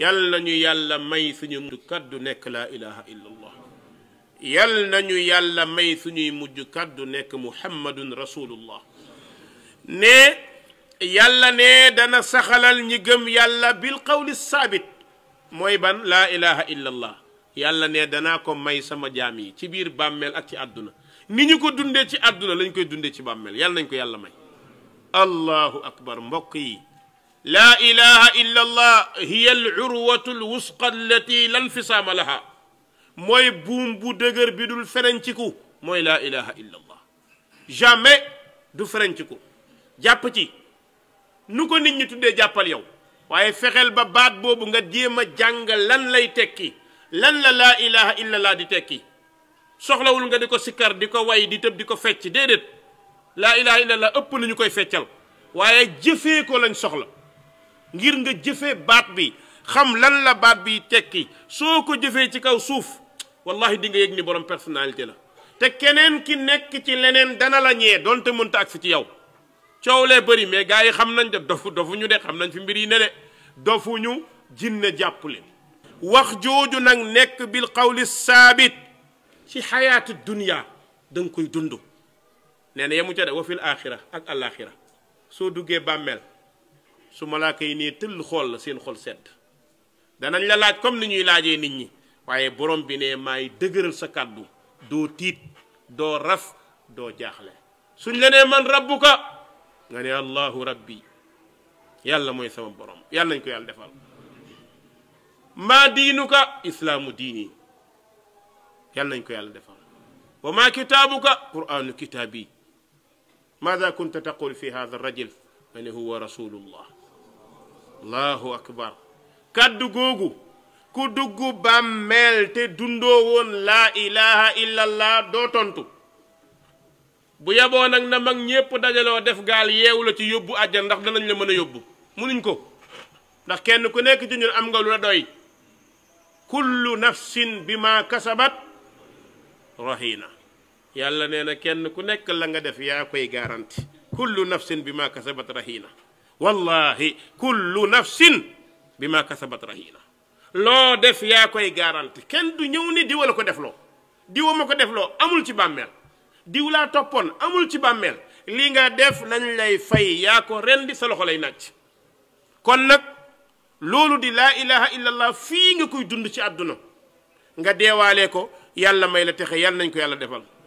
yal nañu yàlla may suñu mujj kaddu nekk laa ilaha illallah yal nañu yàlla may suñuy mujj kaddu nekk muhammadun rasulullah ne yàlla ne dana saxalal ñi gëm yàlla bil qawli saabit mooy ban laa ilaha illallah yàlla ne danaa ko may sama jaam yi ci biir bàmmeel ak ci àdduna ni ñu ko dundee ci àdduna lañ koy dundee ci bàmmeel yàlla nañ ko yàlla may allahu akbar mbokk yi laa ilaha illa allah hiya al urwatu al wusqa allati lan fisaama laha mooy buum bu dëgër bi dul ferenciku mooy laa ilaha illa allah jamais du ferenciku jàpp ci nu ko nit ñi tuddee jàppal yow waaye fexeel ba baat boobu nga jéem a jàng lan lay tekki lan la laa ilaha illa allah di tekki soxlawul nga di ko sikkar di ko way di tëb di ko fecc déedéet laa ilaha illa ëpp lañu koy feccal waaye jëfee ko lañ soxla ngir nga jëfee baat bi xam lan la baat bi tekki soo ko jëfee ci kaw suuf wallahi di nga yëg ni borom personnalité la te keneen ki nekk ci leneen dana la ñee doonte mënta ak si ci yow coow lee bëri mais gars yi xam nañ de dofu dofu ñu de xam nañ fi mbir yi ne de dofu ñu jinne jàpp leen wax jooju nag nekk bil qawli saabit ci xayaatu dunia da koy dund nee na yemu ca de wa fil axira ak al'axira soo duggee bàmmeel su malaaka yi nee tëll xool la seen xol sedd danañ la laaj comme ni ñuy laajee nit ñi waaye borom bi ne maay dëgëral sa kàddu doo tiit doo raf doo jaaxle suñ la nee man rabbuka nga ne allahu rabbi yàlla mooy sama borom yàlla nañ ko yàlla defal maa diinuka islaamu diini yàlla nañ ko yàlla defal wa ma kitabuka qur'an kitaabi maada kunta taqul fi hada rajul ma huwa rasulullah allahu akbar kàddu googu ku dugg bàmmeel te dundoo woon laa ilaha illallah doo tontu bu yaboo nag na mag ñépp dajaloo def gaal yeewu la ci yóbbu àjjan ndax danañ la mën a yóbbu mu munuñ ko ndax kenn ku nekk ci ñun am nga lu la doy kullu nafsin bi ma kasabat rahina yàlla nee na kenn ku nekk la nga def yaa koy garanti kullu nafsin bi ma kasabat rahina والله كل نفس بما كسبت رهينة لو دف يا كوي غارانتي كين دو نيوني ديو لاكو ديفلو ديو ماكو ديفلو امول سي باميل ديو لا توبون امول سي باميل ليغا ديف نان لاي فاي يا كو رندي سا لوخو لاي ناتش كون نك لولو دي لا اله الا الله في نكوي دوند سي ادنا nga deewale ko yalla may la texe yalla nagn ko yalla defal